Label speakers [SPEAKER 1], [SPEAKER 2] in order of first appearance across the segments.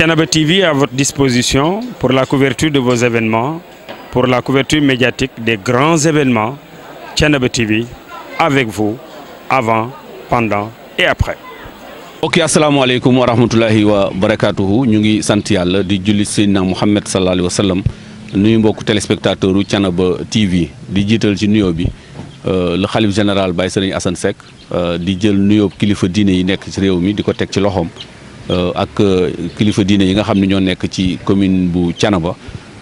[SPEAKER 1] Thiénaba TV à votre disposition pour la couverture de vos événements, pour la couverture médiatique des grands événements. Thiénaba TV avec vous avant, pendant et après.
[SPEAKER 2] ok asalaamaaleykum wa rahmatulahi wa barakaatuhu ñu ngi sant yàlla di julli seydina Muhammad sallallahu alayhi wa sallam nuyu mbokk téléspectateur u Thiénaba TV di jiital ci nuyoo bi euh, le xalif général Baye Serigne Assane Seck euh, di jël nuyoo kilifa diine yi nekk ci réew mi di ko teg ci loxoom. Euh, ak euh, kilifa diine yi nga xam ne ñoo nekk ci commune bu Thiénaba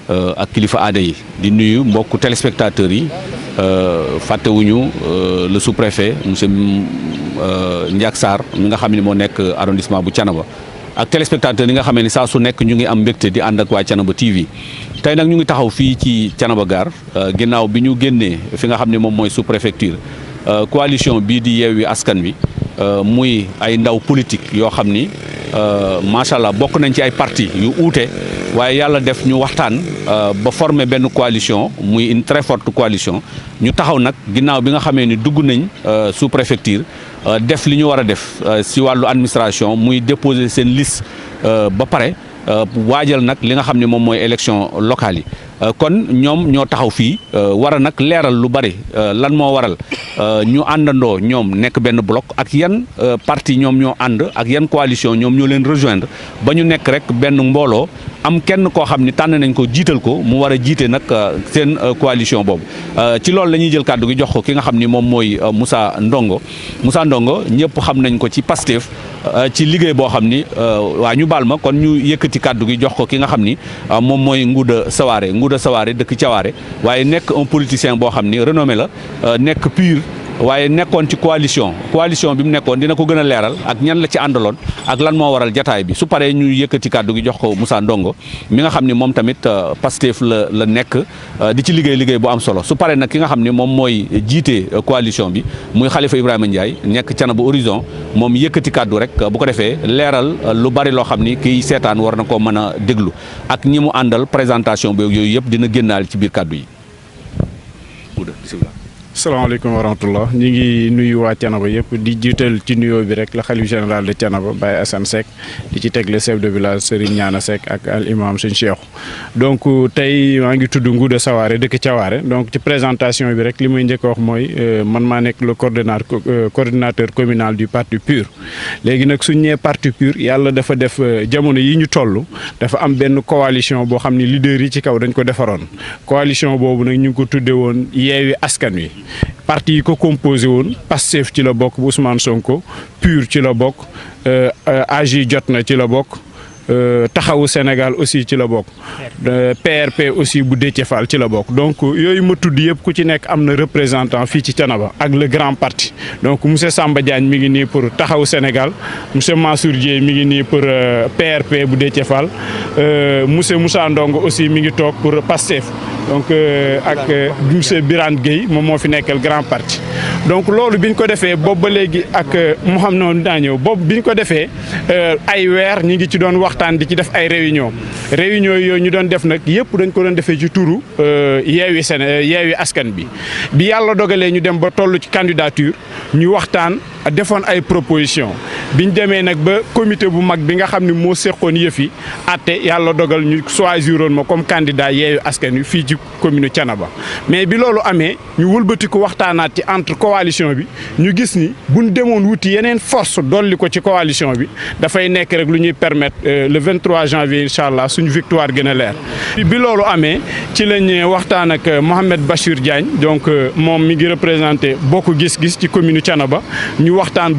[SPEAKER 2] euh, ak kilifa aada yi di nuyu mbokku téléspectateurs yi fàttewuñu le sous-préfet monsieur Ndiak Sarr mi nga xam ni moo nekk arrondissement bu Thiénaba ak téléspectateurs yi nga xamee ni saa su nekk ñu ngi am mbégte di ànd ak waa Thiénaba TV tey nag ñu ngi taxaw fii ci Thiénaba Gare ginnaaw bi ñu génnee fi nga xam ne moom mooy sous-préfecture coalition bii di Yewwi Askan Wi muy ay ndaw politique yoo xam ni Euh, macha allah bokk nañ ci ay parti yu uute waaye yàlla def ñu waxtaan euh, ba former benn coalition muy une très forte coalition ñu taxaw nag ginnaaw bi nga xamee ni dugg nañ euh, sous préfecture def li ñu war a def si wàllu administration muy déposé seen liste ba pare waajal nag li nga xam ne moom mooy élection locale yi kon ñoom ñoo taxaw fii war a nag leeral lu bari lan moo waral Euh, ñu àndandoo ñoom nekk benn bloc ak yan euh, parti ñoom ñoo ànd ak yan coalition ñoom ñoo leen rejoindre ba ñu nekk rek benn mbooloo am kenn koo xam ni tànn nañ ko jiital ko mu war a jiite nag euh, seen coalition boobu ci loolu la ñuy jël kàddu gi jox ko ki nga xam ni moom mooy Moussa Ndongo Moussa Ndongo ñëpp xam nañ ko ci Pastef ci liggéey boo xam ni waa ñu baal ma kon ñu yëkkati kàddu gi jox ko ki nga xam ni moom mooy Ngouda Sawaré Ngouda Sawaré dëkk Cawaare waaye nekk un politicien boo xam ni renommé la nekk pur waaye nekkoon ci coalition coalition bi mu nekkoon dina ko gën a leeral ak ñan la ci àndaloon ak lan moo waral jataay bi su paree ñu yëkkati kàddu gi jox ko Moussa Ndongo mi nga xam ni moom tamit euh, Pastef la la nekk euh, di ci liggéey liggéey bu am solo su paree nag ki nga xam ni moom mooy jiite euh, coalition bi muy xalifa Ibrahima Ndiaye nekk cana bu horizon moom yëkkati kàddu rek bu ko defee leeral lu bari loo xam ni kiy seetaan war na koo mën a déglu ak ñi mu àndal présentation boobu yooyu yëpp dina génnaal ci biir kàddu yi.
[SPEAKER 3] salaamaaleykum wa rahmatullah ñu ngi nuyu waa Thiénaba yëpp di jiital ci nuyoo bi rek la xalif général de Thiénaba Baye Assane Seck di ci tegle chef de village Serigne Niana sekk ak al imam Serigne donc euh, tey maa ngi tudd Ngouda Sawaré dëkk cawaare donc ci présentation bi rek li muy njëkk a wax mooy euh, man maa nekk le coordonnateur euh, coordinateur communal du parti PUR léegi nag suñ ñee parti PUR yàlla dafa def jamono yi ñu toll dafa am benn coalition boo xam ne leader yi ci kaw dañ ko defaroon coalition boobu nag ñu ngi ko tudde woon yeewi askan wi parti yi ko composé woon Pastef ci la bokk bu Ousmane Sonko PUR ci la bokk euh, euh, AJ jot na ci la bokk Euh, taxawu Sénégal aussi ci la bokk. PRP euh, aussi bu Déthié Fall ci la bokk donc euh, yooyu ma tudd yëpp ku ci nekk am na représentant fii ci Thiénaba ak le grand parti donc monsieur Samba Diagne mi ngi nii pour taxawu Sénégal monsieur Mansour Dieye mi ngi nii pour PRP bu Déthié Fall monsieur Moussa Ndongo aussi mi ngi toog pour Pastef donc ak monsieur Birane Gueye moom moo fi nekkeel grand parti. donc loolu bi ñu ko defee boobu ba léegi ak mu xam noonu daa ñëw boobu bi ñu ko defee ay weer ñi ngi ci doon wax waxtaan di ci def ay réunion réunion yooyu ñu doon def nag yëpp dañ ko doon defee ci turu euh, yeewi seen euh, yeewi askan bi bi yàlla dogalee ñu dem ba toll ci candidature ñu waxtaan defoon ay proposition biñ demee nag ba comité bu mag bi nga xam ne moo seqoon yëf yi atte yàlla dogal ñu choisiroon ma comme candidat yeeyu askan wi fii ci commune Thiénaba mais bi loolu amee ñu wëlbatiku waxtaanaat ci entre coalition bi ñu gis ni buñ demoon wuti yeneen force dolli ko ci coalition bi dafay nekk rek lu ñuy permettre euh, le 23 janvier incha allah suñu victoire gën a leer. bi loolu amee ci lañ waxtaan ak euh, Mohamed Bachir Diagne donc euh, moom mi ngi représenté bokk gis-gis ci commune Thiénaba ba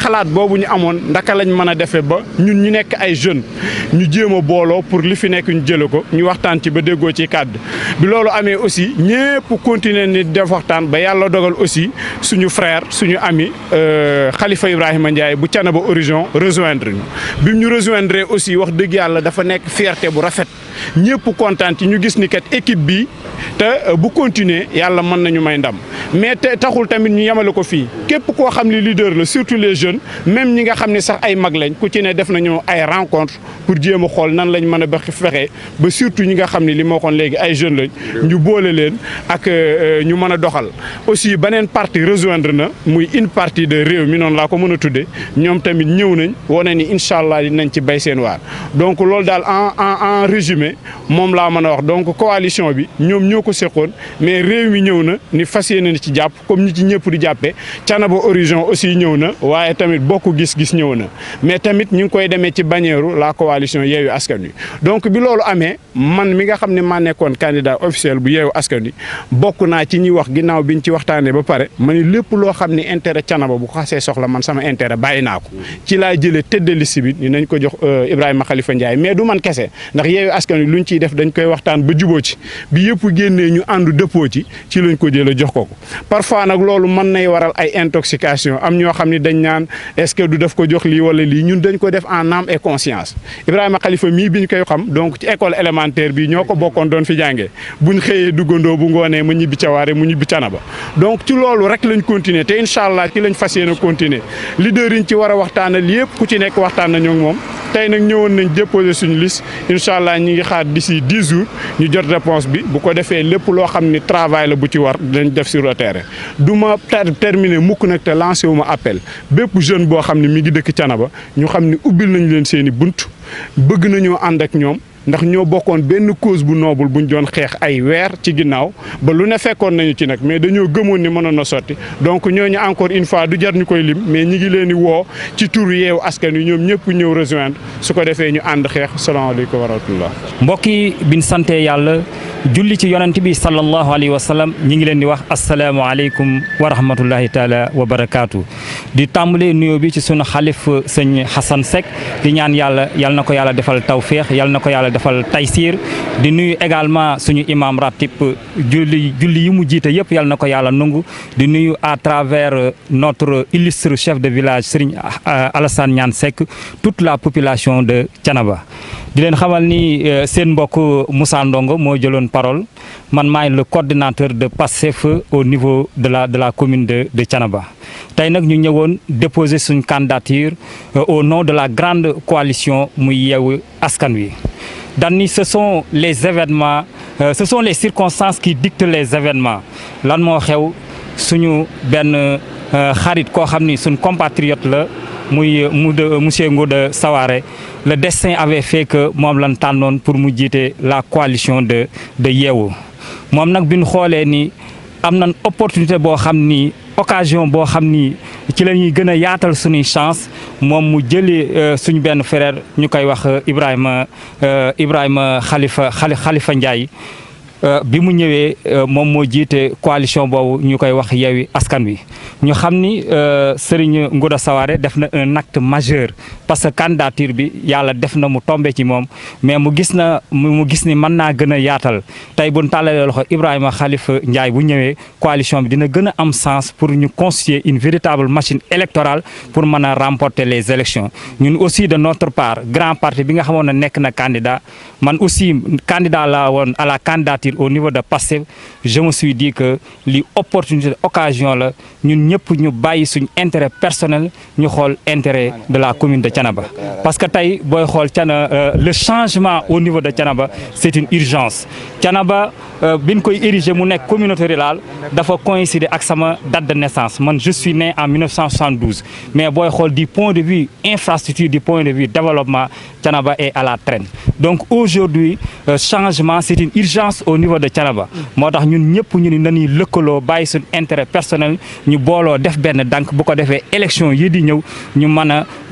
[SPEAKER 3] xalaat boobu ñu amoon ndaka lañ mën a defee ba ñun ñu nekk ay jeunes ñu jéem a booloo pour li fi nekk ñu jële ko ñu waxtaan ci ba déggoo ci kàddu bi loolu amee aussi ñëpp continuer ni def waxtaan ba yàlla dogal aussi suñu frère suñu ami euh, Khalifa Ibrahima Ndiaye bu ba Horizon rejoindre ñu bi ñu rejoindre aussi wax dëgg yàlla dafa nekk fierté bu rafet ñëpp kontaan ci ñu gis ni kat équipe bi te euh, bu continuer yàlla mën nañu may ndam mais taxul tamit ñu yemale jeunes même ñi nga xam ni sax ay mag lañ ku ci ne def nañu ay rencontre pour jéem a xool nan lañ mën a bex fexe ba surtout ñi nga xam ne li ma waxoon léegi ay jeunes lañ ñu boole leen ak euh, euh, ñu mën a doxal aussi beneen parti rejoindre na muy une partie de réew mi noonu laa ko mën a tudde ñoom tamit ñëw nañ wane ni incha allah nañ ci bay seen waar donc loolu daal en en en résumé moom laa mën a wax donc coalition bi ñoom ñoo ko seqoon mais réew mi ñëw na ni fas yéene ci jàpp comme ñi ci tamit bokk gis-gis ñëw na mais tamit ñu ngi koy demee ci bannière la coalition Yewwi Askan Wi donc bi loolu amee man mi nga xam ne maa nekkoon candidat officiel bu Yewwi Askan Wi bokk naa ci ñuy wax ginnaaw ñu ci waxtaanee ba pare ma ne lépp loo xam ne intérêt Thiénaba bu xasee soxla man sama intérêt bàyyi naa ko ci laa jëlee tête de liste bi dinañ ko jox euh, Ibrahima xalifa njaay mais du man kese ndax Yewwi yi lu luñ ciy def dañ koy waxtaan ba juboo ci bi yëpp génnee ñu àndu dëppoo ci ci lañ ko jëlee jox ko ko est-ce du def ko jox lii wala lii ñun dañ ko def en âme et conscience a xalifa mii bi ñu koy xam donc ci école élémentaire bi ñoo ko bokkoon doon fi jàngee ñu xëyee duggandoo bu ngoonee mu ñibbi cawaare mu ñibbi canaba donc ci loolu rek lañ continuer te incha allah ci lañ fas yéene continuer leader yi ñu ci war a waxtaanal yëpp ku ci nekk waxtaan nañoo moom tey nag ñëwoon nañ déposer suñu liste incha allah ñu ngi xaar d'ici dix jours ñu jot réponse bi bu ko defee lépp loo xam ni travail bu ci war dinañ def sur le terrain du ma terminer mukk nag te lancer wu ma appel jeune boo xam ne mi ngi dëkk Thiénaba ñu xam ne ubbil nañ leen seeni bunt bëgg nañoo ànd ak ñoom ndax ñoo bokkoon benn cause bu bu ñu doon xeex ay weer ci ginnaaw ba lu ne fekkoon nañu ci nag mais dañoo gëmoon ni mënoon na sotti donc ñooñu encore une fois du jar ñu koy lim mais ñi ngi leen di woo ci tur yeewu askan wi ñoom ñëpp ñëw rejoindre su ko defee ñu ànd xeex salaamaaleykum wa rahmatullah
[SPEAKER 4] mbokk yi biñ sante yàlla julli ci yonent bi sallallahu alayhi wa sallam ngi leen di wax asalaamaaleykum wa rahmatullahi taala wa barakaatu di tàmbalee nuyoo bi ci suñu xalif sëñ Xasan Seck di ñaan yàlla yal na ko yàlla defal tawféex yal na ko yàlla yàlla defal taysir di nuyu également suñu imam ratib julli julli yi mu jiite yëpp yàlla na ko yàlla nangu di nuyu à travers euh, notre illustre chef de village Serigne euh, Alassane Niane Seck toute la population de Thiénaba di leen xamal ni euh, seen mbokk Moussa Ndongo moo jëloon parole man maay la coordinateur de PASTEF au niveau de la de la commune de de Thiénaba tey nag ñu ñëwoon déposé suñ candidature au nom de la grande coalition muy Yewwi Askan Wi dañu ni ce son les événements euh, ce son les circonstances ki dictent les événements lan moo xew suñu benn euh, xarit koo xam ni suñ compatriote la muy euh, mu de monsieur Ngouda Sawaré le destin avait fait que moom lan tànnoon pour mu jiite la coalition de de Yeewu moom nag bi xoolee ni am nañ opportunité boo xam ni occasion boo xam ni ci la ñuy gën a yaatal suñuy chance moom mu jëlee euh, suñu benn frère ñu koy wax euh, Ibrahima euh, Ibrahima xalifa Khalifa Ndiaye Euh, bi mu ñëwee euh, moom moo jiite coalition boobu ñu koy wax Yewwi Askan Wi ñu xam ni euh, Serigne Ngouda Sawaré def na un acte majeur parce que candidature bi yàlla def na mu tombé ci moom mais mu gis na mu gis ni mën naa gën a yaatal tey bu ñu tàllalee loxo Ibrahima Khalifa Ndiaye bu ñëwee coalition bi dina gën a am sens pour ñu constituer une véritable machine électorale pour mën a remporter les élections ñun aussi de notre part grand parti bi nga xamoon ne nekk na candidat man partir au niveau de Pastef je me suis dit que li opportunité occasion la ñun ñëpp ñu bàyyi suñ intérêt personnel ñu xool intérêt de la commune de Thiénaba parce que tey booy xool Thiénaba euh, le changement au niveau de Thiénaba c'est une urgence Thiénaba euh, biñ koy érigé mu nekk communauté rurale dafa coïncider ak sama date de naissance man je suis né en 1972 mais booy xool du point de vue infrastructure du point de vue développement Thiénaba est à la traîne donc aujourd'hui euh, changement c'est une niveau de Thiénaba moo tax ñun ñëpp ñu ni nañuy lëkkaloo bàyyi suñ intérêt personnel ñu booloo def benn dànk bu ko defee élection yi di ñëw ñu mën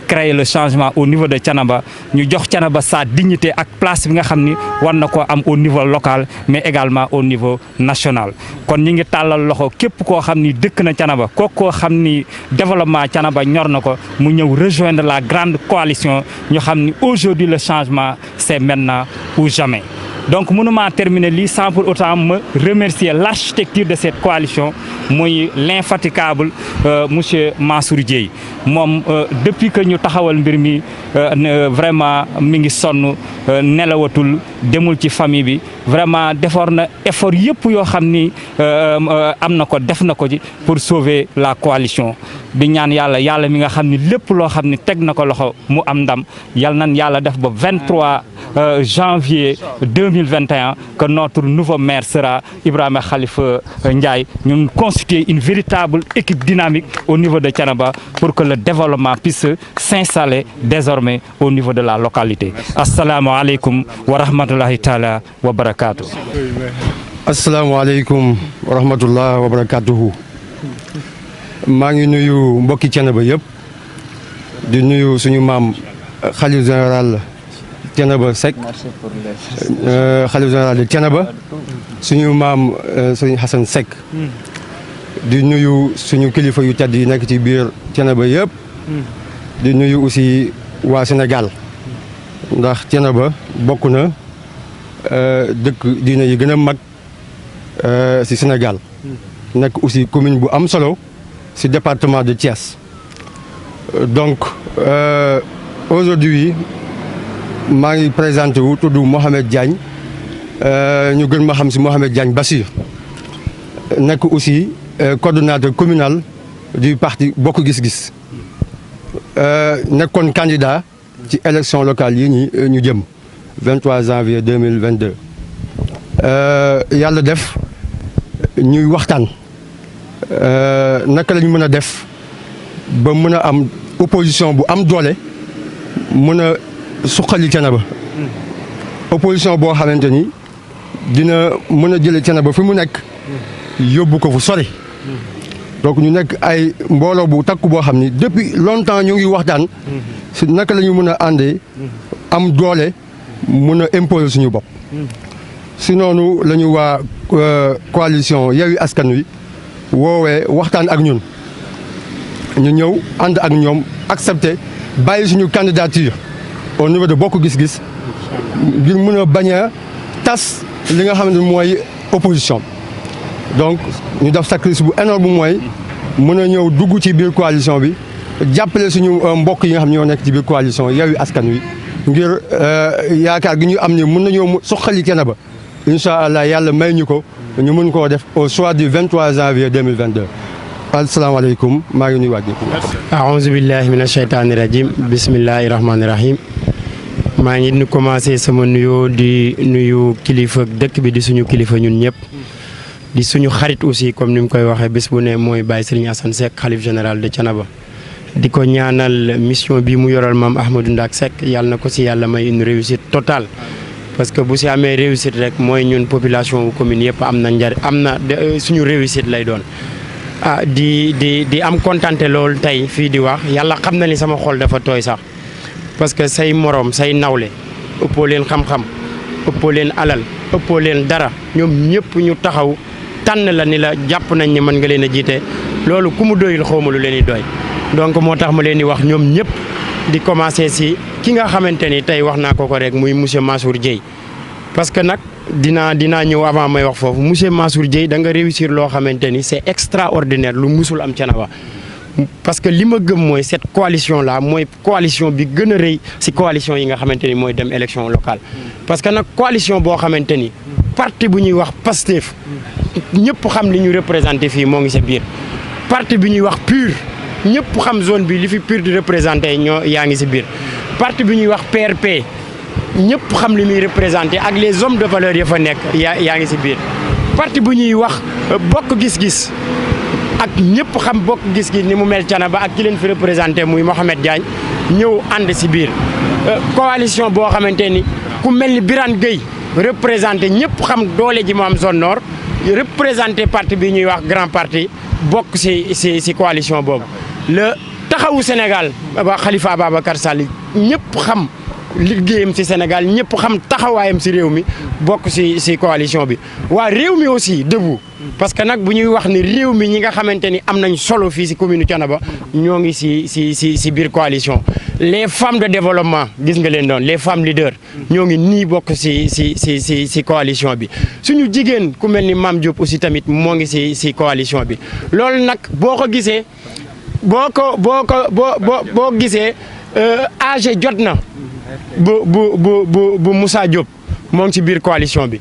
[SPEAKER 4] créer le changement au niveau de Thiénaba ñu jox Thiénaba sa dignité ak place bi nga xam ni war na ko am au niveau local mais également au niveau national kon ñi ngi tàllal loxo képp koo xam ni dëkk na Thiénaba kooku koo xam ni développement Thiénaba ñor na ko mu ñëw rejoindre la grande coalition ñu xam ni aujourd'hui le changement c'est maintenant ou jamais donc mënuma terminer lii sans pour autant me remercier l'architecture de cette coalition muy l'infatigable euh, monsieur Mansour Dieye moom euh, depuis que ñu taxawal mbir mi euh, euh, vraiment mi ngi sonn euh, nelawatul demul ci famille bi vraiment defoor na effort yëpp yoo xam ni am na ko def na ko ci pour sauver la coalition di ñaan yàlla yàlla mi nga xam ni lépp loo xam ni teg na ko loxo mu am ndam yal nan yàlla def ba Euh, janvier 2021 que notre nouveau maire sera Ibrahima Khalifa euh, Ndiaye. Nous constituer une véritable équipe dynamique au niveau de Tianaba pour que le développement puisse s'installer désormais au niveau de la localité. Assalamu alaikum wa rahmatullahi ta'ala wa barakatuh. maa ngi nuyu
[SPEAKER 5] mbokki Thiénaba yëpp di nuyu suñu maam xalif euh, général Thiénaba sec xalifa euh, général de Thiénaba suñu maam euh, sëriñ Xasan Seck hmm. di nuyu suñu kilifa yu tedd yi nekk ci biir Thiénaba yëpp hmm. di nuyu aussi waa Sénégal hmm. ndax Thiénaba bokk na euh, dëkk diina yi gën a mag si Sénégal nekk aussi commune bu am solo si département de Thiès donc aujourd'hui maa ngi présenté wu tudd Mohamed Diagne euh, ñu gën ma xam si Mohamed Diagne Bassir nekk aussi euh, coordonnateur communal du parti Bokk Gis Gis euh, nekkoon candidat ci élection locale yi ñu ñu jëm 23 janvier 2022 yàlla def ñuy waxtaan naka la ñu mën a def ba mën a am opposition bu am doole mën a suqali Thiénaba opposition boo xamante ni dina mën a jële Thiénaba fi mu nekk yóbbu ko fu sori donc ñu nekk ay mbooloo bu takk boo xam ni depuis longtemps ñu ngi waxtaan su naka la mën a àndee am doole mën a imposer suñu bopp si noonu la ñu waa euh, coalition Yewwi Askan Wi woowee waxtaan ak ñun ñu ñëw ànd ak ñoom accepté bàyyi suñu candidature au niveau de bokk gis-gis ngir mën a bañ a tas li nga xam ne mooy opposition donc ñu def sacrifice bu énorme bu mooy mën a ñëw dugg ci biir coalition bi jàppale suñu euh, mbokk yi nga xam ne ñoo nekk ci biir coalition Yewwi Askan Wi ngir euh, yaakaar gi ñu am ni mën nañoo suqali ba incha allah yàlla may ñu ko ñu mën koo def au soir du 23 janvier 2022 asalaamaaleykum maa ngi nuyu waaj ñëpp.
[SPEAKER 1] aouzu billahi mina shaytaani rajim bismillahi rahmaani rahim maa ngi nu commencé sama nuyoo di nuyu kilifa dëkk bi di suñu kilifa ñun ñëpp. di suñu xarit aussi comme ni mu koy waxee bés bu ne mooy Baye Serigne Assane Seck xalif général de Thiénaba. di ko ñaanal mission bi mu yoral maam Ahmadou Ndak Seck yàlla na ko si yàlla may une réussite total parce que bu si amee réussite rek mooy ñun population wu commune yëpp am na njariñ am na euh, suñu réussite lay doon. ah di di di am kontante loolu tey fii di wax yàlla xam na ni sama xol dafa tooy sax parce que say moroom say nawle ëppoo leen xam-xam ëppoo leen alal ëppoo leen dara ñoom ñëpp ñu taxaw tànn la ni la jàpp nañ ni mën nga leen a jiite loolu ku mu doyul xaw ma lu leen di doy donc moo tax ma leen di wax ñoom ñëpp di commencer si ki nga xamante ni tey wax naa ko ko rek muy monsieur Mansour Dieye parce nag dinaa dinaa ñëw avant may wax foofu monsieur Mansour Dieye da nga réussir loo xamante ni c'est extraordinaire lu musul am Thiénaba parce que li ma gëm mooy cette coalition la mooy coalition bi gën a rëy si coalition yi nga xamante ni mooy dem élection locale parce que nag coalition boo xamante ni parti bu ñuy wax Pastef ñëpp xam li ñu représenté fii moo ngi sa biir parti bi ñuy wax PUR ñëpp xam zone bi li fi PUR di représenté ñoo yaa ngi si biir parti bi ñuy wax PRP ñëpp xam li muy représenté ak les hommes de valeur ya fa nekk yaa yaa ngi si biir parti bu ñuy wax euh, bokk gis-gis ak ñëpp xam bokk gis-gis ni mu mel ba ak ki leen fi représenté muy Mohamed Diagne ñëw ànd si biir euh, coalition boo xamante ni ku mel ni Birane Gueye représenté ñëpp xam doole ji mu am zone nord représenté parti bi ñuy wax grand parti bokk si si si coalition boobu la taxawu Sénégal euh, ba Khalifa Ababacar Sall ñëpp xam liggéeyam si Sénégal ñëpp xam taxawaayam si réew mi bokk si ci coalition bi waa réew mi aussi debout parce que nag bu ñuy wax ni réew mi ñi nga xamante ni am nañ solo fii ci commune Thiénaba ñoo ngi si ci ci ci biir coalition les femmes de développement gis nga leen doon les femmes leaders ñoo ngi nii bokk si ci ci ci ci coalition bi suñu jigéen ku mel ni Mame Diop aussi tamit moo ngi si ci coalition bi loolu nag boo ko gisee boo ko boo ko boo boo boo gisee euh, âge jot na bu bu bu bu bu Moussa Diop moo biir coalition bi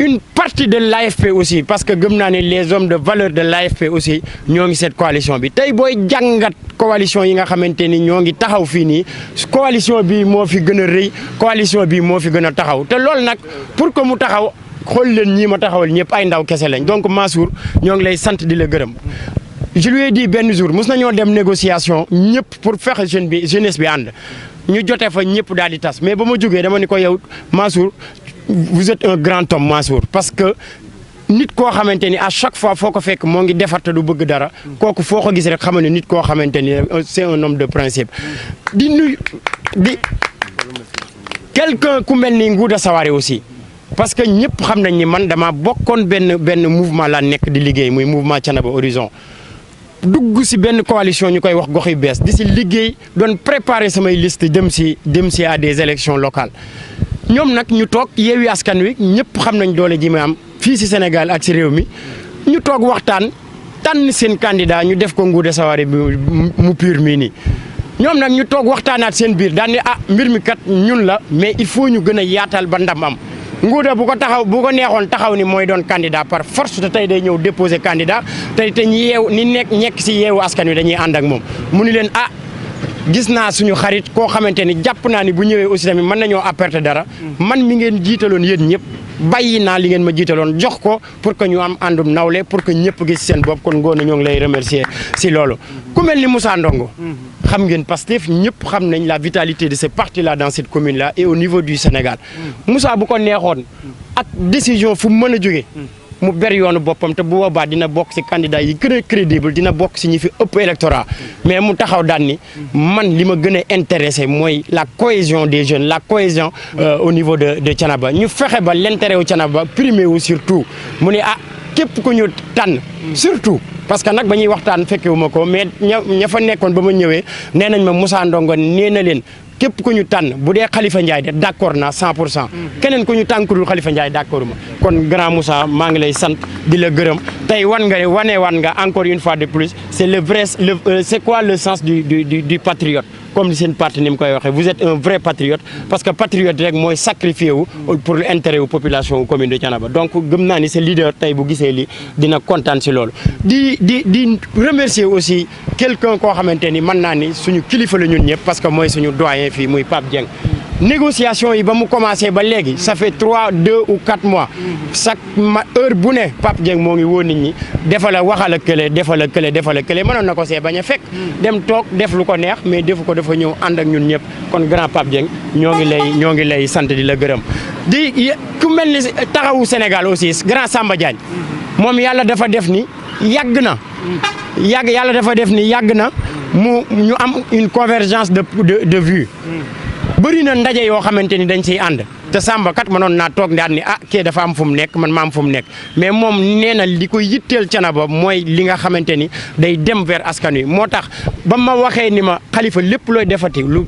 [SPEAKER 1] une partie de l'AFP aussi parce que gëm naa ni les hommes de valeur de l'AFP aussi ñoo ngi cette coalition bi tey booy jàngat coalition yi nga xamante ni ñoo ngi taxaw fii nii coalition bi moo fi gën a rëy coalition bi moo fi gën a taxaw te loolu nag pour que mu taxaw xool leen ñii ma taxawal ñëpp ay ndaw kese lañ donc Mansour ñoo ngi lay sant di la gërëm je di ai dit benn jour mos nañoo dem négociation ñëpp pour fexe jeune bi jeunesse bi ànd ñu jotee fa ñëpp daal di tas mais ba ma jógee dama ni ko yow Mansour vous êtes un grand homme Mansour parce que nit koo xamante ni à chaque fois foo ko fekk moo ngi defar te du bëgg dara kooku foo ko gis rek xam ne nit koo xamante ni c'est un homme de principe di nuyu di quelqu'un ku mel ni Ngouda Sawaré aussi parce que ñëpp xam nañ ni man dama bokkoon benn benn mouvement laa nekk di liggéey muy mouvement Thiénaba Horizon dugg si benn coalition ñu koy wax gox yu bees di si liggéey doon préparer samay liste dem si jëm si à des élections locales ñoom nag ñu toog Yewwi Askan Wi ñëpp xam nañ doole ji ma am fii si Sénégal ak si réew mi ñu toog waxtaan tànn seen candidat ñu def ko Ngouda Sawaré bi mu pur mii nii ñoom nag ñu toog waxtaanaat seen biir daan ne ah mbir mi kat ñun la mais il faut ñu gën a yaatal ba ndam am nguuda bu ko taxaw bu ko neexoon taxaw ni mooy doon candidat par force te tey day ñëw déposé candidat tey te ñi yeew ni nekk ñekk si yeewu askan wi dañuy ànd ak moom mu ni leen ah gis naa suñu xarit koo xamante ni jàpp naa ni bu ñëwee aussi tamit mën nañoo apporter dara man mi ngeen jiitaloon yéen ñëpp bàyyi naa li ngeen ma jiitaloon jox ko pour que ñu am àndum nawle pour que ñëpp gis seen bopp kon ngoone ñoo lay remercier si loolu ku mel ni Moussa Ndongo xam ngeen Pastef ñëpp xam nañ la vitalité de ce parti la dans cette commune là et au niveau du Sénégal Moussa bu ko neexoon ak décision fu mu mën a jógee mu ber yoonu boppam te bu boobaa dina bokk si candidat yi gën a dina bokk si ñi fi ëpp électorat mais mu taxaw daan ni man li ma gën a intéressé mooy la cohésion des jeunes la cohésion euh, au niveau de de Thiénaba ñu fexe ba l'intérêt wu Thiénaba primé wu surtout mu ne ah képp ku ñu tànn surtout parce que nag ba ñuy waxtaan fekkewuma ko mais ña ña fa nekkoon ba ma ñëwee nee nañ ma Moussa Ndongo nee na leen képp ku ñu tànn bu dee Khalifa Ndiaye de d' accord naa 100 pour cent mm. keneen ku ñu tànkudul Khalifa Ndiaye d' accord ma kon grand Moussa maa ngi lay sant di la gërëm tey wan nga wane wan nga encore une fois de plus c' le vrai le euh, c' est quoi le sens du du du comme seen parti ni mu koy waxee vous êtes un vrai patriote parce que patriote rek mooy sacrifié wu pour l' intérêt wu population wu commune de Thiénaba donc gëm naa ni sa leader tey bu gisee li dina kontaan si loolu di di di remercier aussi quelqu'un koo xamante ni mën naa ni suñu kilifa la ñun ñëpp parce que mooy suñu doyen fii muy Pape Dieng négociation yi ba mu commencé ba léegi ça fait trois deux ou quatre mois chaque ma heure bu ne Pape Dieng moo ngi woo nit ñi defal la kële defal ak kële defal ak kële mënoon na ko see bañ a fekk. dem toog def lu ko neex mais defu ko dafa ñëw ànd ak ñun ñëpp kon grand Pape Dieng ñoo ngi lay ñoo ngi lay sant di la gërëm di ku mel ni taxawu Sénégal aussi grand Samba Diagne moom yàlla dafa def ni yàgg na. yàgg yàlla dafa def ni yàgg na mu ñu am une convergence de de de vue. bëri na ndaje yoo xamante ni dañ ciy ànd te Samba kat mënoon naa toog ndaat ni a ah, kee dafa am fu mu nekk man ma am fu mu nekk mais moom nee na li ko yitteel Thiénaba mooy li nga xamante ni day dem vers askan wi moo tax ba ma waxee ni ma xalifa lépp looy defati lu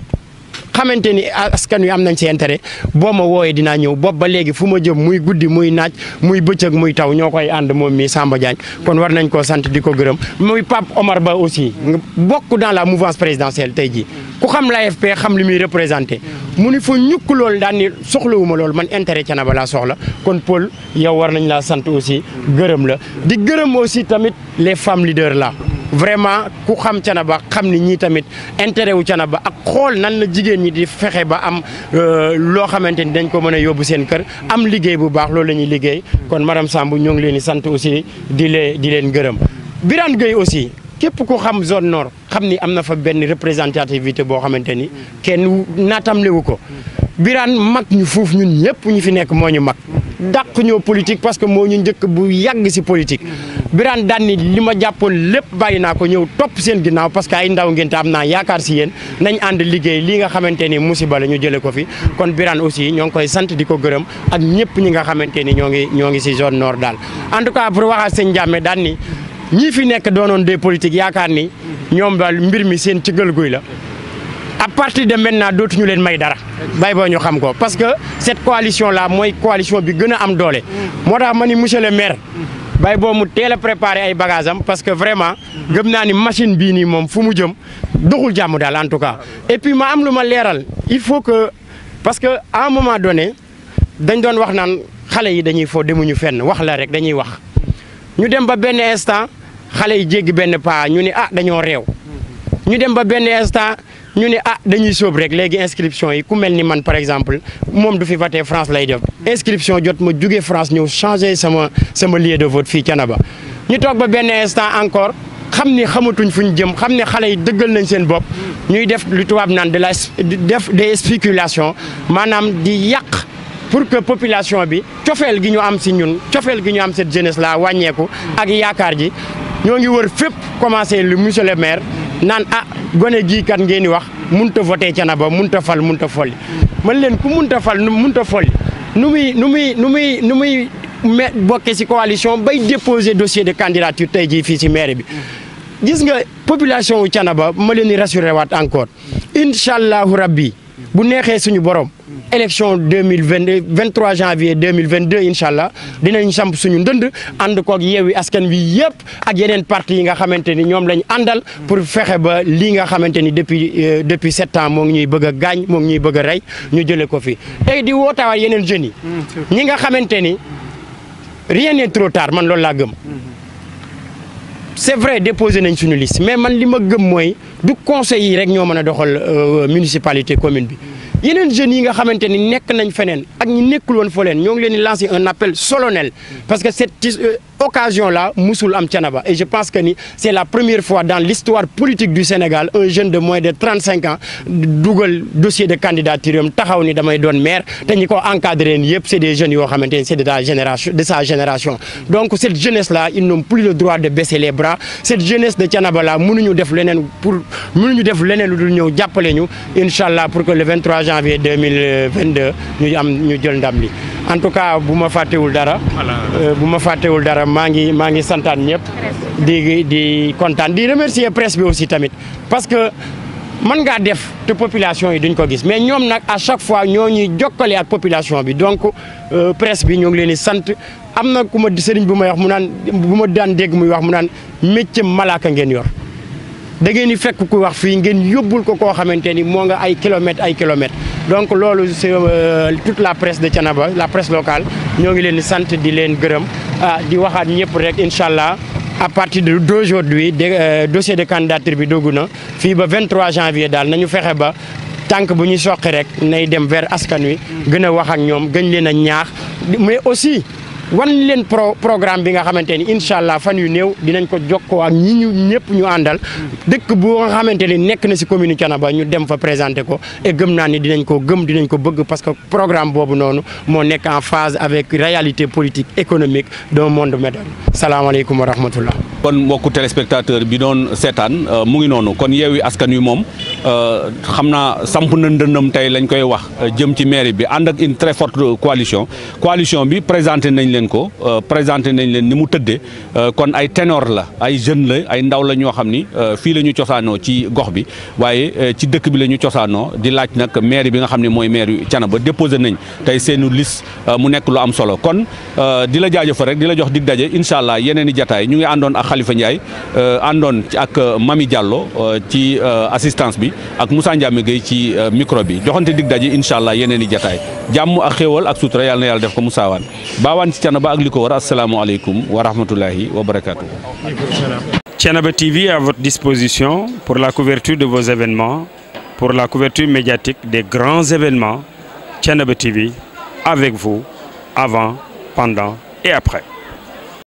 [SPEAKER 1] xamante ni askan wi am nañ ci intérêt boo ma wooyee dinaa ñëw bopp ba léegi fu ma jëm muy guddi muy naaj muy bëccëg muy taw ñoo koy ànd moom mi Samba Diagne kon war nañ koo sant di ko gërëm muy Pape Omar Ba aussi bokk dans la mouvance présidentielle tey jii ku xam l'AFP xam li muy représenté mu ni fa ñukk loolu daan ni soxlawuma lool man intérêt Thiénaba laa soxla kon Paul yow war nañ laa sant aussi gërëm la di gërëm aussi tamit les femmes leaders là vraiment ku xam Thiénaba xam ni ñii tamit intérêt wu Thiénaba ak xool nan la jigéen ñi di fexe ba am euh, loo xamante ni dañ ko mën a yóbbu seen kër am liggéey bu baax loolu la ñuy liggéey kon maram Samb ñoo ngi leen di sant aussi di leen di leen gërëm Birane Gueye aussi képp ku xam zone nord xam ni am na fa benn représentativité boo xamante ni kenn naatamlewu ko Birane mag ñu fuuf ñun ñëpp ñu fi nekk moo ñu mag dàq ñoo politique parce que moo ñu njëkk bu yàgg si politique biraan daan ni li ma jàppoon lépp bàyyi naa ko ñëw topp seen ginnaaw parce que ay ndaw ngeen te am naa yaakaar si yéen nañ ànd liggéey lii nga xamante ni musiba la ñu jëlee ko fi kon Birane aussi ñoo ngi koy sant di ko gërëm ak ñëpp ñi nga xamante ni ñoo ngi ñoo ngi si zone nord daal ñii fi nekk doonoon des politiques yaakaar ni ñoom daal mbir mi seen ci gël guy la à partir de maintenant dootuñu leen may dara bay boo ñu xam ko parce que cette coalition là mooy coalition bi gën a am doole moo tax ma ni monsieur le maire bay boo mu teel a préparé ay bagages am parce que vraiment gëm naa ni machine bii nii moom fu mu jëm doxul jàmm daal en tout cas et puis ma am lu ma leeral il faut que parce que à moment donné dañ doon wax naan xale yi dañuy fo demuñu fenn wax la rek dañuy wax xale yi jéggi benn paa ñu ne ah dañoo réew ñu dem ba benn instant ñu ne ah dañuy sóob rek léegi inscription yi ku mel ni man par exemple moom du fi voté France lay def inscription jot ma jugee France ñëw changé sama sama lieu de vote fii Thiénaba ñu toog ba benn instant encore xam ni xamatuñ fu ñu jëm xam ne xale yi dëggal nañ seen bopp ñuy def lu tubaab naan de la def des spéculations maanaam di yàq pour que population bi cofeel gi ñu am si ñun cofeel gi ñu am cette jeunesse la wàññeeku ak yaakaar ji ñoo ngi wër fépp commencé le monsieur le maire naan ah gone gii kat ngeen di wax munta voté Thiénaba munta fal munta folli man leen ku munta fal munta folli nu muy nu muy nu muy nu muy mais bokkee ci coalition bay déposer dossier de candidature tey jii fii si maire bi gis nga population wu Thiénaba ma leen di rassuré waat encore incha allahu rabbi bu neexee suñu borom élection deux mille vingt deux vingt trois janvier deux mille vingt deux incha allah dinañ samp suñu ndënd ànd koog yeewi askan wi yëpp ak yeneen parti yi nga xamante ni ñoom lañ àndal pour fexe ba lii nga xamante ni depuis euh, depuis sept ans moo ngi ñuy bëgg a gaañ moo ngi ñuy bëgg a rey ñu jëlee ko fi. tey di wootawaat yeneen jeunes yi. Mm, ñi nga xamante ni rien n'est man loolu laa gëm. Mm-hmm. c'est vrai déposé nañ suñu liste mais man li ma gëm mooy du conseil yi rek ñoo mën a doxal euh, municipalité commune bi yeneen jeunes yi nga xamante ni nekk nañ feneen ak ñi nekkul woon foo leen ñoo ngi leen di lancer un appel solennel parce que cette euh, occasion là musul am Thiénaba et je pense que ni c'est la première fois dans l'histoire politique du Sénégal un jeune de moins de trente cinq ans dugal dossier de candidature am taxaw ni damay doon maire te ñi ko encadré ni yëpp c'est des jeunes yoo xamante ni c'est de la génération de sa génération donc cette jeunesse là ils n'ont plus le droit de baisser les bras cette jeunesse de Thiénaba là mënuñu def leneen pour mënuñu def leneen lu dul ñëw jàppale ñu incha allah pour que le janvier ñu am ñu jël ndam li en tout cas bu ma maa ngi maa ngi santaan ñëpp di di kontaan di remercier presse bi aussi tamit parce que mën ngaa def te population yi duñ ko gis mais ñoom nag à chaque fois ñoo ñuy jokkale ak population bi donc euh, presse bi ñoo ngi leen di sant am na ku ma sëriñ bu ma yox mu naan bu ma daan dégg muy wax mu naan métier malaaka ngeen yor da ngeen di fekk ku wax fii ngeen yóbbul ko koo xamante ni moo nga ay kilomètres ay kilomètres donc loolu c'est euh, toute la presse de Thiénaba la presse locale ñoo ngi leen di sant di leen gërëm ah di waxaat ñëpp rek incha allah à partir de d'aujourd'hui euh, dossier de candidature bi dugg na fii ba 23 janvier daal nañu fexe ba tànk bu ñuy soqi rek nay dem ver askan wi. gën a wax ak ñoom gën leen a ñaax mais aussi. wan leen pro programme bi nga xamante ni incha allah fan yu néew dinañ ko jokkoo ak ñi ñu ñëpp ñu àndal dëkk boo nga xamante ni nekk na si commune Thiénaba ñu dem fa présenté ko et gëm naa ni dinañ ko gëm dinañ ko bëgg parce que programme boobu noonu moo nekk en phase avec réalité politique économique d'un monde moderne salaamaaleykum wa rahmatullah
[SPEAKER 2] kon mbokku téléspectateur bi doon seetaan euh, mu ngi noonu kon yeewi askan wi moom euh, xam naa samp na ndëndëm tey lañ koy wax euh, jëm ci mairie bi ànd ak une très coalition coalition bi présenté nañ leen leen ko euh, présenté nañ leen ni mu tëddee euh, kon ay ténor la ay jeune la ay ndaw la ñoo xam ni euh, fii la ñu cosaanoo ci gox bi waaye ci dëkk bi la ñu cosaanoo di laaj nag maire bi nga xam ne mooy maire yu ba déposé nañ tey seenu liste mu nekk lu am solo kon di la jaajëfal rek di la jox dig daje incha allah yeneen i jataay ñu ngi àndoon ak Khalifa Ndiaye àndoon ak Mami Diallo ci assistance bi ak Moussa Ndiame Gueye ci micro bi joxante dig daje incha allah yeneen i jataay jàmm ak xéewal ak sutura yàlla def ko Moussa Wane Thiénaba ak li ko war asalaamaaleykum wa rahmatulahi wa barakaatu.
[SPEAKER 1] Thiénaba TV à votre disposition pour la couverture de vos événements pour la couverture médiatique des grands événements Thiénaba TV avec vous avant pendant et après.